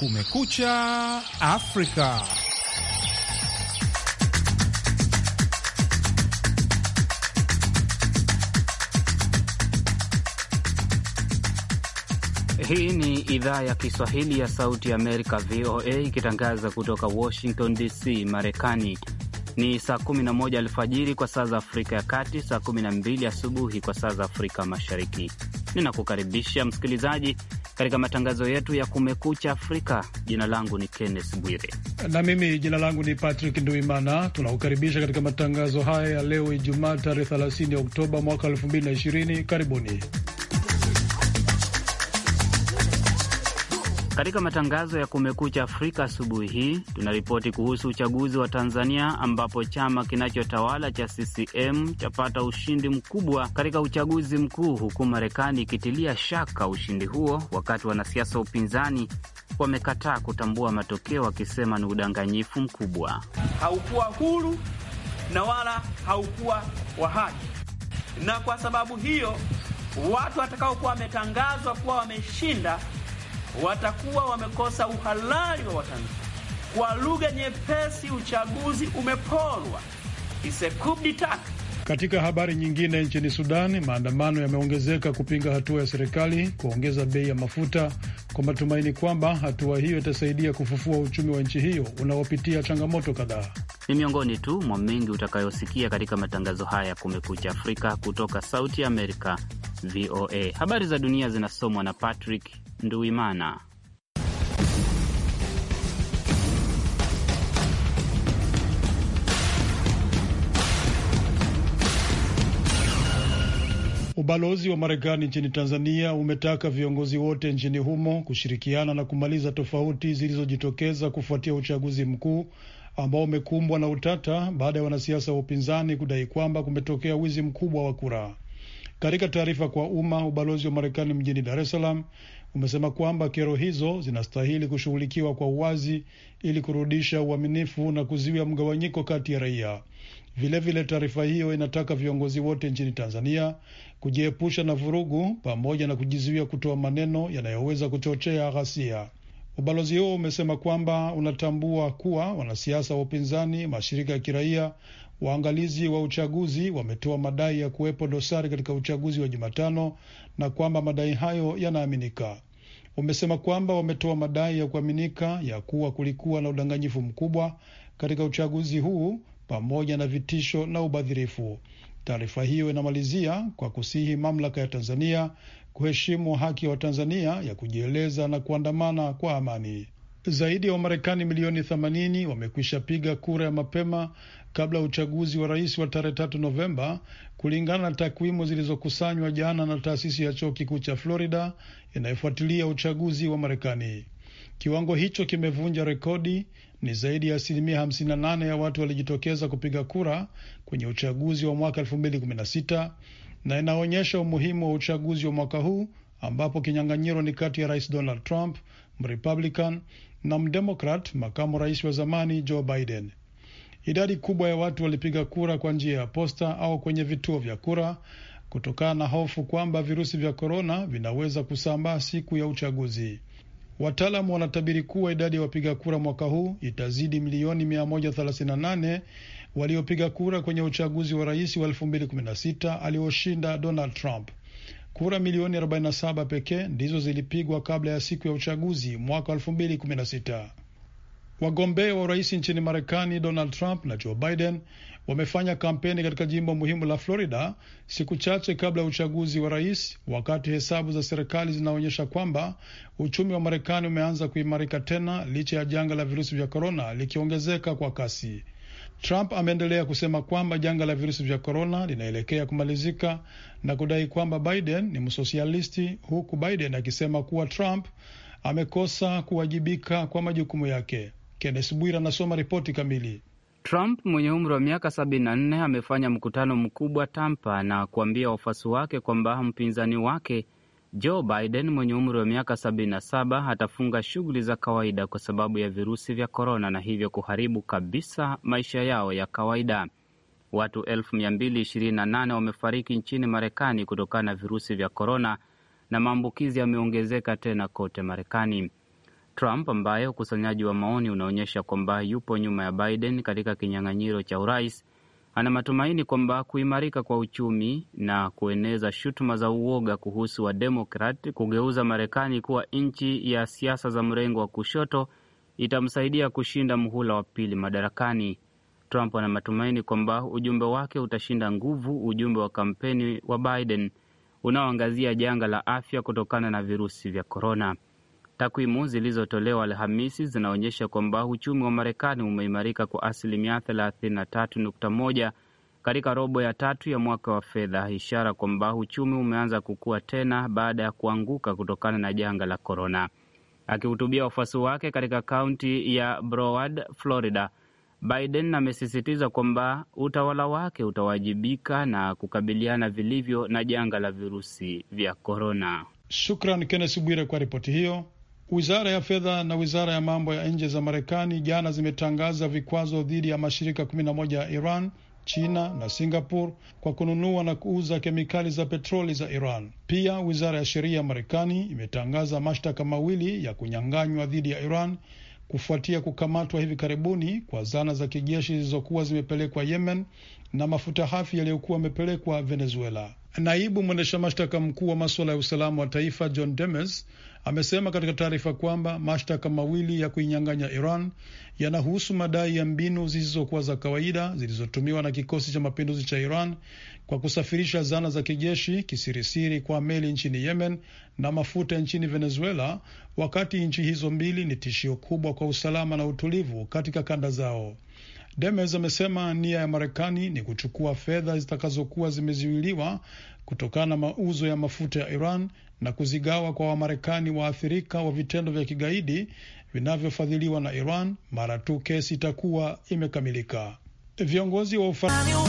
Kumekucha Afrika. Hii ni idhaa ya Kiswahili ya Sauti ya Amerika, VOA, ikitangaza kutoka Washington DC, Marekani. Ni saa 11 alfajiri kwa saa za Afrika ya Kati, saa 12 asubuhi kwa saa za Afrika Mashariki. Ninakukaribisha msikilizaji katika matangazo yetu ya Kumekucha Afrika. Jina langu ni Kenneth Bwire na mimi jina langu ni Patrick Nduimana. Tunakukaribisha katika matangazo haya ya leo Ijumaa tarehe 30 Oktoba mwaka 2020. Karibuni. Katika matangazo ya Kumekucha Afrika asubuhi hii tunaripoti kuhusu uchaguzi wa Tanzania ambapo chama kinachotawala cha CCM chapata ushindi mkubwa katika uchaguzi mkuu, huku Marekani ikitilia shaka ushindi huo, wakati wanasiasa wa upinzani wamekataa kutambua matokeo, wakisema ni udanganyifu mkubwa. Haukuwa huru na wala haukuwa wa haki, na kwa sababu hiyo watu watakaokuwa wametangazwa kuwa wameshinda watakuwa wamekosa uhalali wa Watanzania. Kwa lugha nyepesi, uchaguzi umeporwa. Katika habari nyingine, nchini Sudani maandamano yameongezeka kupinga hatua ya serikali kuongeza bei ya mafuta kwa matumaini kwamba hatua hiyo itasaidia kufufua uchumi wa nchi hiyo unaopitia changamoto kadhaa. Ni miongoni tu mwa mengi utakayosikia katika matangazo haya ya Kumekucha Afrika kutoka Sauti ya Amerika, VOA. Habari za dunia zinasomwa na Patrick Nduimana. Ubalozi wa Marekani nchini Tanzania umetaka viongozi wote nchini humo kushirikiana na kumaliza tofauti zilizojitokeza kufuatia uchaguzi mkuu ambao umekumbwa na utata baada ya wanasiasa wa upinzani kudai kwamba kumetokea wizi mkubwa wa kura. Katika taarifa kwa umma, ubalozi wa Marekani mjini Dar es Salaam umesema kwamba kero hizo zinastahili kushughulikiwa kwa uwazi ili kurudisha uaminifu na kuzuia mgawanyiko kati ya raia. Vilevile, taarifa hiyo inataka viongozi wote nchini Tanzania kujiepusha na vurugu pamoja na kujizuia kutoa maneno yanayoweza kuchochea ghasia. Ubalozi huo umesema kwamba unatambua kuwa wanasiasa wa upinzani, mashirika ya kiraia, waangalizi wa uchaguzi wametoa madai ya kuwepo dosari katika uchaguzi wa Jumatano na kwamba madai hayo yanaaminika. Umesema kwamba wametoa madai ya kuaminika ya kuwa kulikuwa na udanganyifu mkubwa katika uchaguzi huu pamoja na vitisho na ubadhirifu. Taarifa hiyo inamalizia kwa kusihi mamlaka ya Tanzania kuheshimu haki ya wa Watanzania ya kujieleza na kuandamana kwa amani. Zaidi ya Wamarekani milioni 80 wamekwisha piga kura ya mapema kabla ya uchaguzi wa rais wa tarehe tatu Novemba, kulingana na takwimu zilizokusanywa jana na taasisi ya chuo kikuu cha Florida inayofuatilia uchaguzi wa Marekani. Kiwango hicho kimevunja rekodi. Ni zaidi ya asilimia 58 ya watu walijitokeza kupiga kura kwenye uchaguzi wa mwaka 2016 na inaonyesha umuhimu wa uchaguzi wa mwaka huu ambapo kinyang'anyiro ni kati ya rais Donald Trump mrepublican na mdemokrat makamu rais wa zamani Joe Biden. Idadi kubwa ya watu walipiga kura kwa njia ya posta au kwenye vituo vya kura kutokana na hofu kwamba virusi vya korona vinaweza kusambaa siku ya uchaguzi. Wataalamu wanatabiri kuwa idadi ya wapiga kura mwaka huu itazidi milioni 138 waliopiga kura kwenye uchaguzi wa rais wa 2016 alioshinda Donald Trump. Kura milioni 47 pekee ndizo zilipigwa kabla ya siku ya uchaguzi mwaka 2016. Wagombea wa urais nchini Marekani, Donald Trump na Joe Biden wamefanya kampeni katika jimbo muhimu la Florida siku chache kabla ya uchaguzi wa rais, wakati hesabu za serikali zinaonyesha kwamba uchumi wa Marekani umeanza kuimarika tena licha ya janga la virusi vya korona likiongezeka kwa kasi. Trump ameendelea kusema kwamba janga la virusi vya korona linaelekea kumalizika na kudai kwamba Biden ni msosialisti, huku Biden akisema kuwa Trump amekosa kuwajibika kwa majukumu yake. Kennes Bwira anasoma ripoti kamili. Trump mwenye umri wa miaka 74 amefanya mkutano mkubwa Tampa na kuambia wafuasi wake kwamba mpinzani wake Joe Biden mwenye umri wa miaka 77 atafunga shughuli za kawaida kwa sababu ya virusi vya korona na hivyo kuharibu kabisa maisha yao ya kawaida. Watu 228 wamefariki nchini Marekani kutokana na virusi vya korona na maambukizi yameongezeka tena kote Marekani. Trump ambaye ukusanyaji wa maoni unaonyesha kwamba yupo nyuma ya Biden katika kinyang'anyiro cha urais, ana matumaini kwamba kuimarika kwa uchumi na kueneza shutuma za uoga kuhusu Wademokrat kugeuza Marekani kuwa nchi ya siasa za mrengo wa kushoto itamsaidia kushinda mhula wa pili madarakani. Trump ana matumaini kwamba ujumbe wake utashinda nguvu ujumbe wa kampeni wa Biden unaoangazia janga la afya kutokana na virusi vya korona. Takwimu zilizotolewa Alhamisi zinaonyesha kwamba uchumi wa Marekani umeimarika kwa asilimia 33.1 katika robo ya tatu ya mwaka wa fedha, ishara kwamba uchumi umeanza kukua tena baada ya kuanguka kutokana na janga la korona. Akihutubia wafuasi wake katika kaunti ya Broward, Florida, Biden amesisitiza kwamba utawala wake utawajibika na kukabiliana vilivyo na janga la virusi vya korona. Shukran Kennes Bwire kwa ripoti hiyo. Wizara ya fedha na wizara ya mambo ya nje za Marekani jana zimetangaza vikwazo dhidi ya mashirika 11 ya Iran, China na Singapore kwa kununua na kuuza kemikali za petroli za Iran. Pia wizara ya sheria ya Marekani imetangaza mashtaka mawili ya kunyang'anywa dhidi ya Iran kufuatia kukamatwa hivi karibuni kwa zana za kijeshi zilizokuwa zimepelekwa Yemen na mafuta hafi yaliyokuwa yamepelekwa Venezuela. Naibu mwendesha mashtaka mkuu wa maswala ya usalama wa taifa John Demes amesema katika taarifa kwamba mashtaka mawili ya kuinyang'anya Iran yanahusu madai ya mbinu zisizokuwa za kawaida zilizotumiwa na kikosi cha mapinduzi cha Iran kwa kusafirisha zana za kijeshi kisirisiri kwa meli nchini Yemen na mafuta nchini Venezuela, wakati nchi hizo mbili ni tishio kubwa kwa usalama na utulivu katika kanda zao. Demes amesema nia ya Marekani ni kuchukua fedha zitakazokuwa zimezuiliwa kutokana na mauzo ya mafuta ya Iran na kuzigawa kwa Wamarekani waathirika wa vitendo vya kigaidi vinavyofadhiliwa na Iran mara tu kesi itakuwa imekamilika. Viongozi wa Ufaransa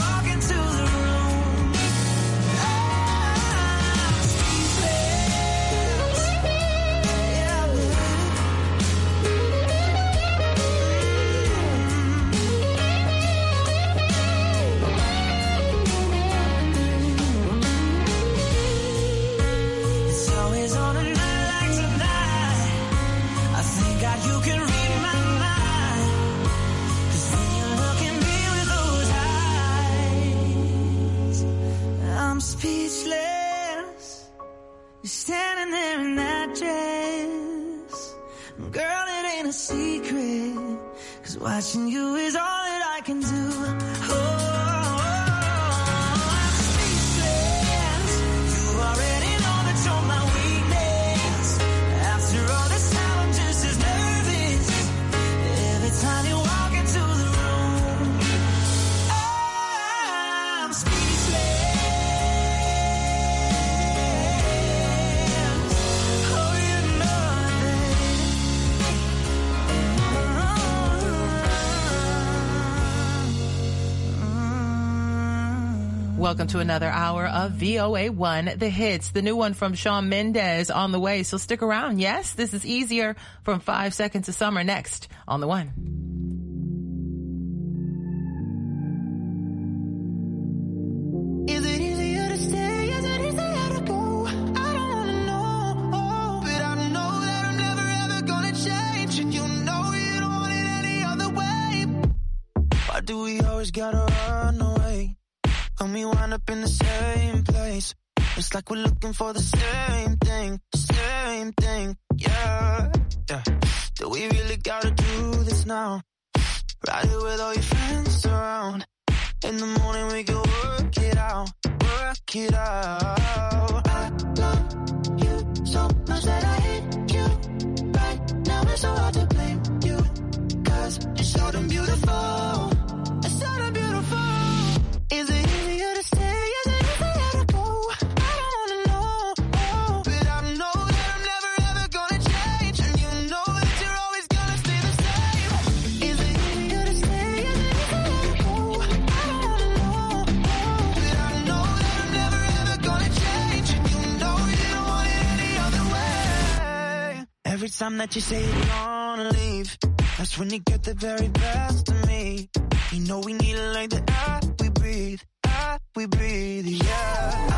Watching you is all Welcome to another hour of VOA1, the hits, the new one from Sean Mendez on the way. So stick around. Yes, this is easier from five seconds of summer next on the one. like we're looking for the same thing, same thing, yeah, yeah. Do we really gotta do this now? Ride it with all your friends around. In the morning we can work it out, work it out. I love you so much that I hate you. Right now it's so hard to blame you. Cause you're so damn beautiful. time that you say you're gonna leave, that's when you get the very best of me. You know we need it like the air we breathe, air we breathe, yeah.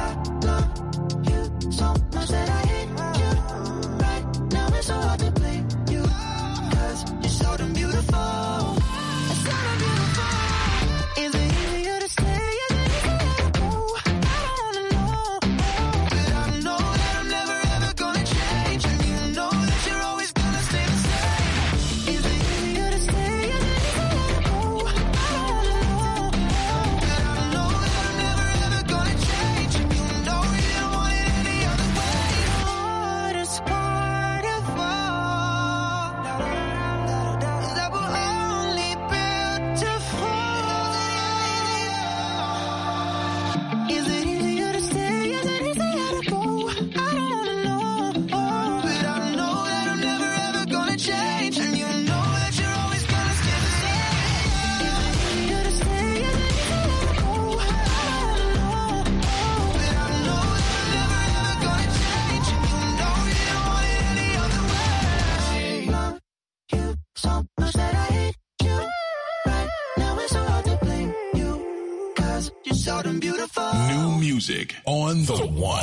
The one.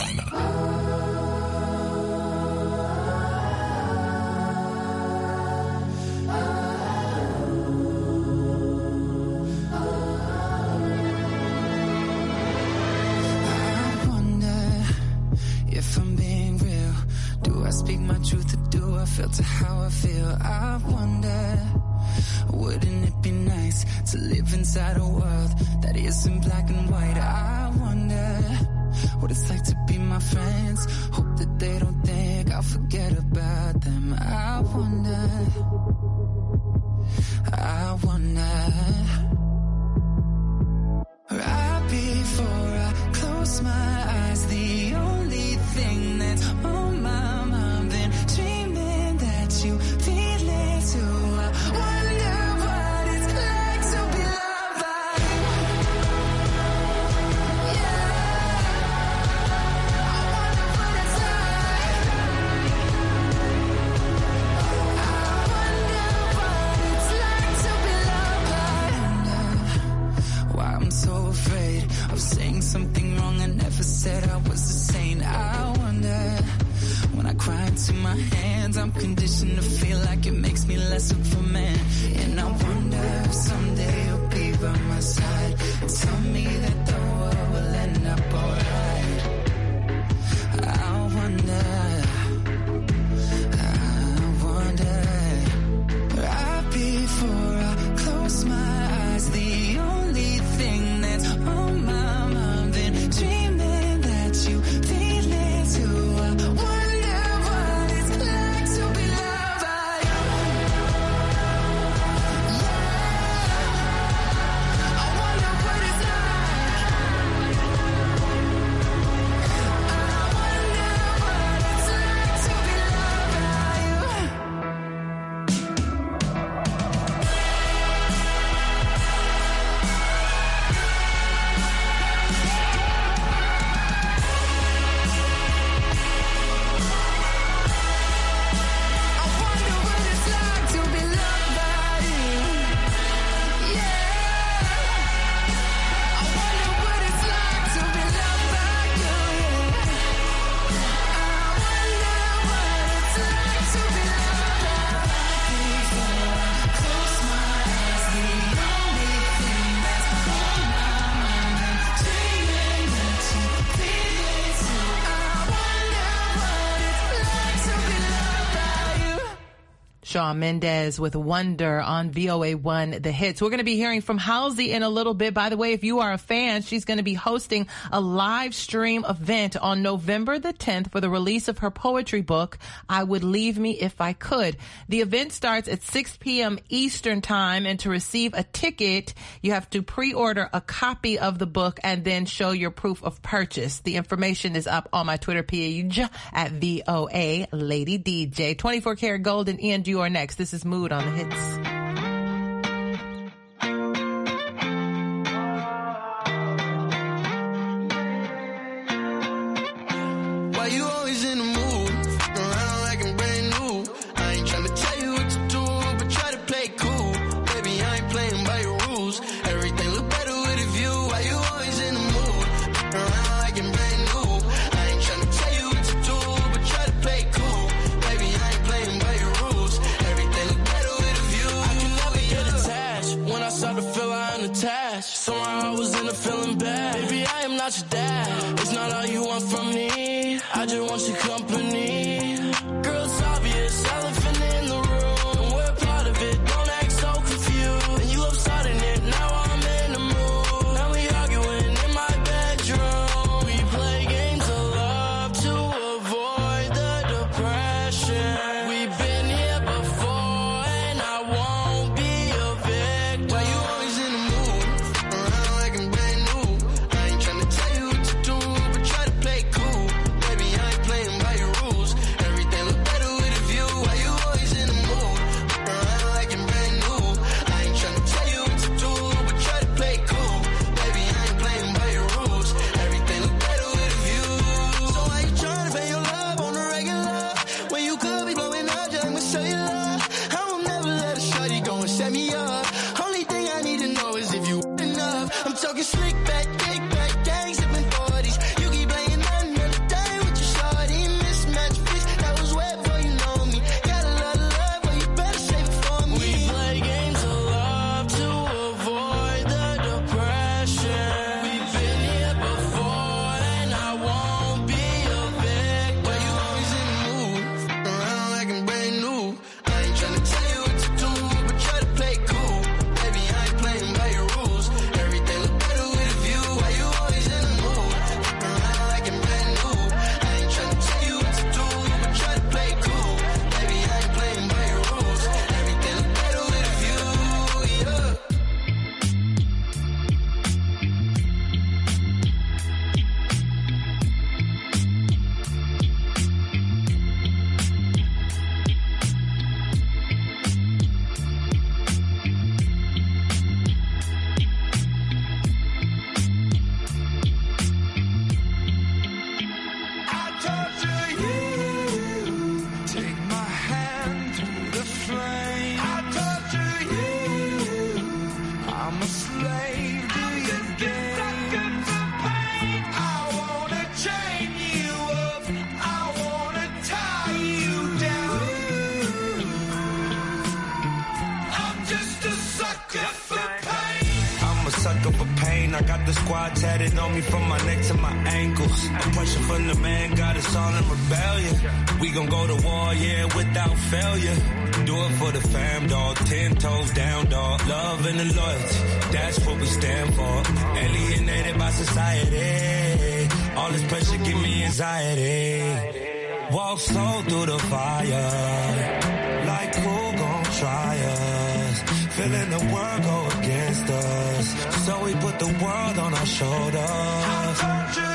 to how I feel. I wonder, wouldn't it be nice to live inside a world that isn't black and white? I what it's like to be my friends. Hope that they don't think I'll forget about Shawn Mendez with Wonder on VOA1 The Hits. We're going to be hearing from Halsey in a little bit. By the way, if you are a fan, she's going to be hosting a live stream event on November the 10th for the release of her poetry book, I Would Leave Me If I Could. The event starts at 6 p.m. Eastern Time, and to receive a ticket, you have to pre order a copy of the book and then show your proof of purchase. The information is up on my Twitter page at VOA Lady DJ. 24 karat gold and ENDR are next. This is Mood on the Hits. failure. Do it for the fam, dog. Ten toes down, dog. Love and the loyalty, that's what we stand for. Alienated by society. All this pressure give me anxiety. Walk slow through the fire. Like who gon' try us? Feeling the world go against us. So we put the world on our shoulders.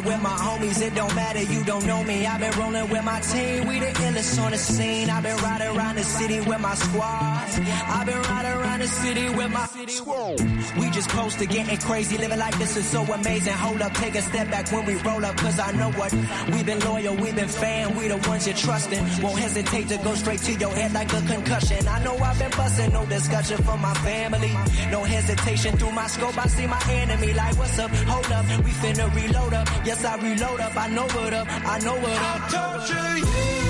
it with my homies. It don't matter, you don't know me. I've been rolling with my team. We the illest on the scene. I've been riding around the city with my squad. I've been riding around the city with my squad. We just posted getting crazy. Living like this is so amazing. Hold up, take a step back when we roll up. Cause I know what we've been loyal, we've been fan. We the ones you're trusting. Won't hesitate to go straight to your head like a concussion. I know I've been busting, no discussion for my family. No hesitation through my scope. I see my enemy like, what's up? Hold up, we finna reload up. Yeah, Yes, I reload up. I know what up. I know what up. I you.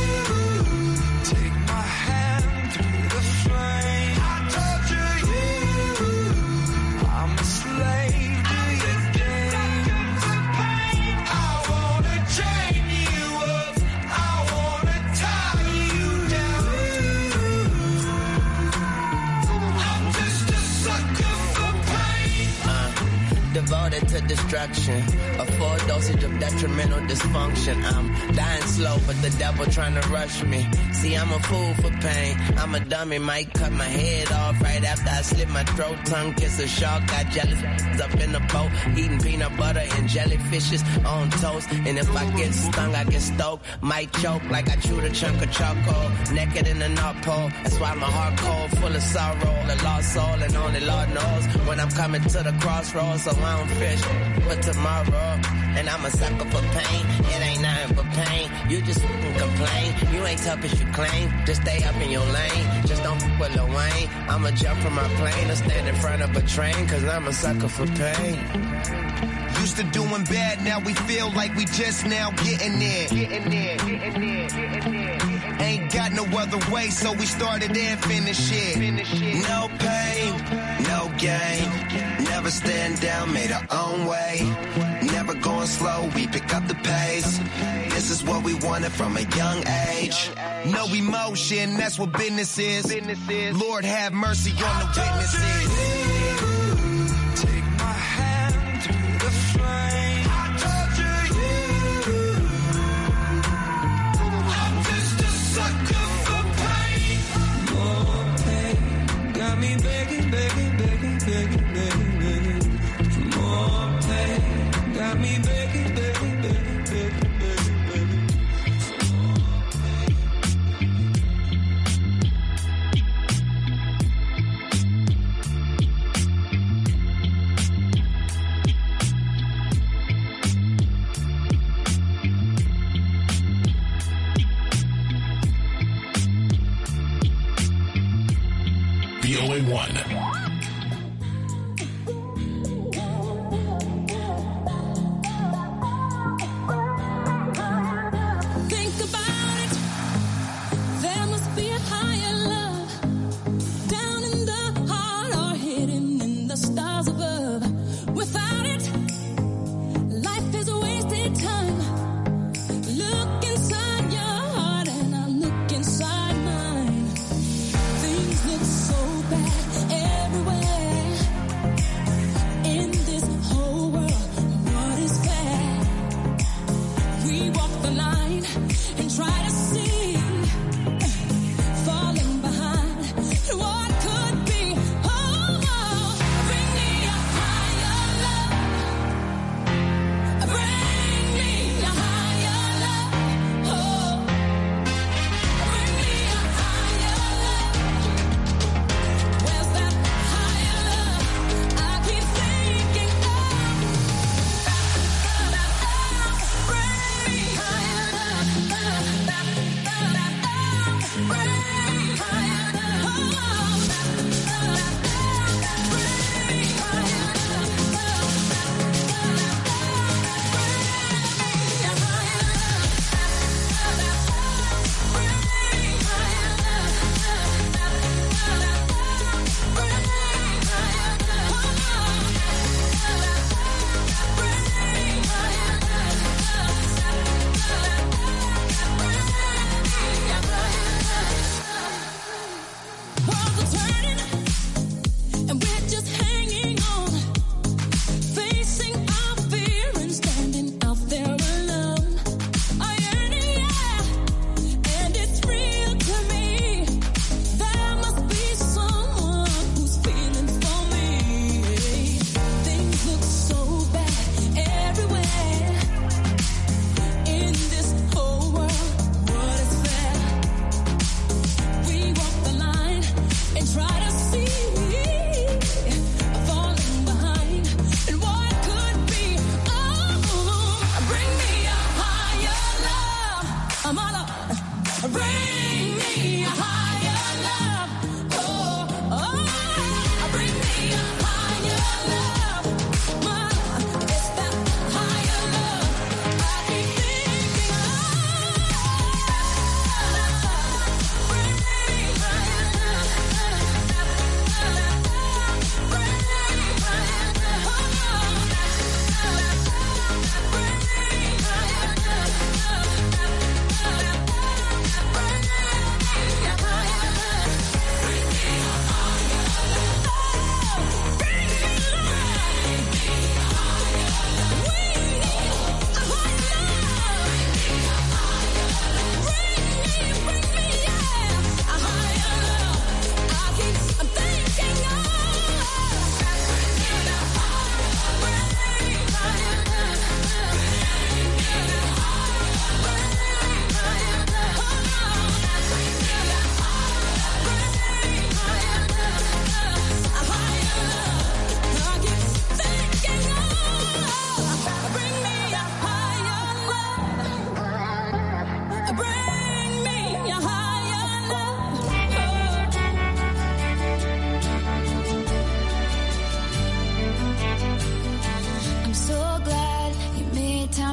to destruction. A full dosage of detrimental dysfunction. I'm dying slow, but the devil trying to rush me. See, I'm a fool for pain. I'm a dummy, might cut my head off right after I slit my throat. Tongue kiss a shark, got jealous up in the boat. Eating peanut butter and jellyfishes on toast. And if I get stung, I get stoked. Might choke like I chewed a chunk of charcoal. Naked in the North Pole. That's why my heart cold, full of sorrow. The lost soul, and only Lord knows when I'm coming to the crossroads, so I don't fresh for tomorrow. And I'm a sucker for pain. It ain't nothing but pain. You just can complain. You ain't tough as you claim. Just stay up in your lane. Just don't fuck with Lil Wayne. I'ma jump from my plane or stand in front of a train. Cause I'm a sucker for pain. Used to doing bad, now we feel like we just now getting there. Getting there, getting there, getting there ain't got no other way, so we started and finished it. No pain, no gain. Never stand down, made our own way. Never going slow, we pick up the pace. This is what we wanted from a young age. No emotion, that's what business is. Lord have mercy on the witnesses.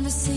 promises